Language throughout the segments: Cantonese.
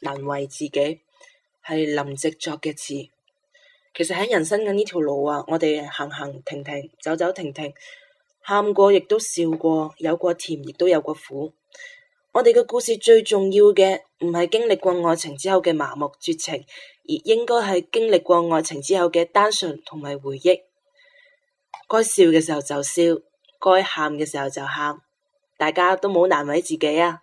難為自己係林夕作嘅詞，其實喺人生嘅呢條路啊，我哋行行停停，走走停停，喊過亦都笑過，有過甜亦都有過苦。我哋嘅故事最重要嘅唔係經歷過愛情之後嘅麻木絕情，而應該係經歷過愛情之後嘅單純同埋回憶。該笑嘅時候就笑，該喊嘅時候就喊，大家都冇難為自己啊！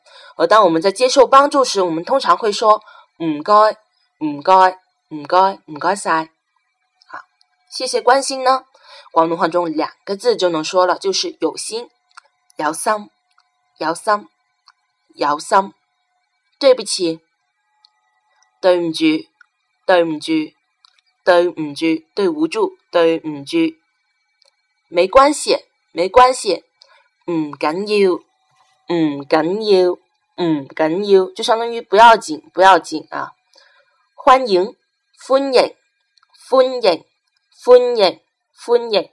而當我們在接受幫助時，我們通常會說唔該，唔該，唔該，唔該晒。好，謝謝關心呢。廣東話中兩個字就能說了，就是有心，有心，有心，有心。對不起，對唔住，對唔住，對唔住，對唔住，對唔住。沒關係，沒關係，唔緊要，唔緊要。唔、嗯、緊要，就相當於不要緊，不要緊啊！歡迎，歡迎，歡迎，歡迎，歡迎，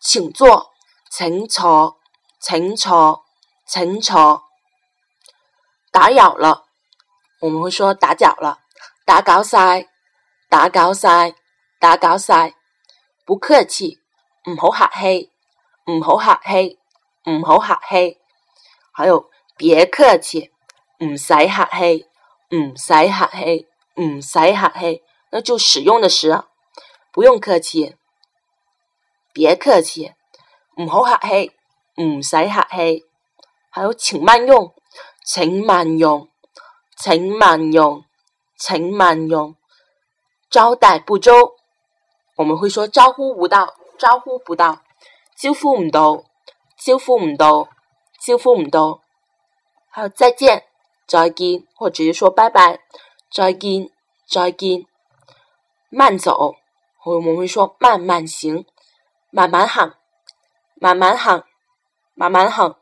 請坐，請坐，請坐，請坐。打擾了，我們會說打攪了，打擾了，打擾晒，打擾晒，打擾晒。不客氣，唔好客氣，唔好客氣，唔好客氣。還有。別客氣，唔使客氣，唔使客氣，唔使客，客氣。那就使用的時候，不用客氣。別客氣，唔好客氣，唔使客氣。還有，請慢用，請慢用，請慢用，請慢用，請慢用，請慢用，請慢用。招待不周，我們會說招呼不到，招呼不到，招呼唔到，招呼唔到，招呼唔到。好，再見，再見，或直接說拜拜，再見，再見。慢走，我們會說慢慢行，慢慢行，慢慢行，慢慢行。慢慢行。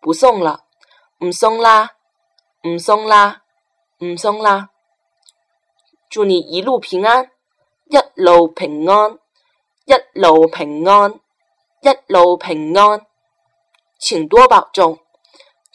不送了，唔送啦，唔送啦，唔送啦。祝你一路，一，路一路平安，一路平安，一路平安，一路平安。請多保重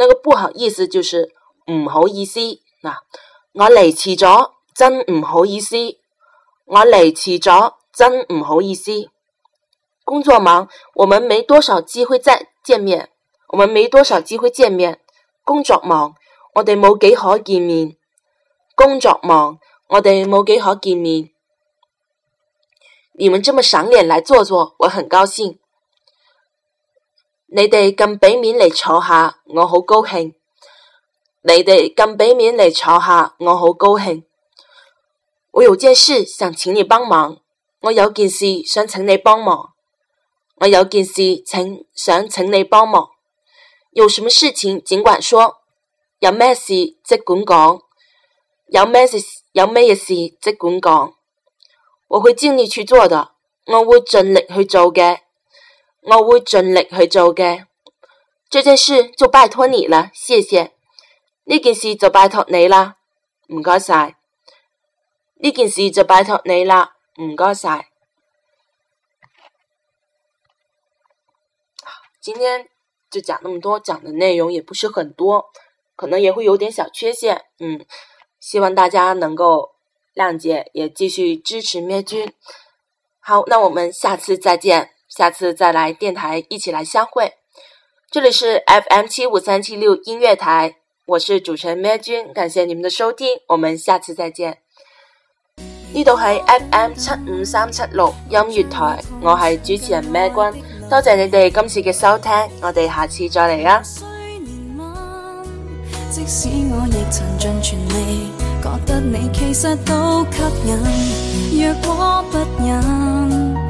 那個不好意思就是唔好意思嗱、啊，我嚟遲咗真唔好意思，我嚟遲咗真唔好意思。工作忙，我們沒多少機會再見面，我們沒多少機會見面。工作忙，我哋冇幾可見面。工作忙，我哋冇幾可見面。你們這麼賞臉來坐坐，我很高興。你哋咁俾面嚟坐下，我好高興。你哋咁俾面嚟坐下，我好高興。我有件事想請你幫忙。我有件事想請你幫忙。我有件事請想請你幫忙。有什麼事情盡管說，有咩事即管講，有咩事有咩嘢事即管講，我會盡力去做的，我會盡力去做嘅。我會盡力去做嘅，這件事就拜託你了，謝謝。呢件事就拜託你啦，唔該晒。呢件事就拜託你啦，唔該晒。今天就講那麼多，講的內容也不是很多，可能也會有點小缺陷，嗯，希望大家能夠諒解，也繼續支持滅菌。好，那我們下次再見。下次再來電台，一起來相會。這裏是 FM 七五三七六音樂台，我是主持人咩君，感謝你們的收聽，我們下次再見。呢度係 FM 七五三七六音樂台，我係主持人咩君，多謝你哋今次嘅收聽，我哋下次再嚟啊！即使我亦曾盡全力，覺得你其實都吸引，若果不忍，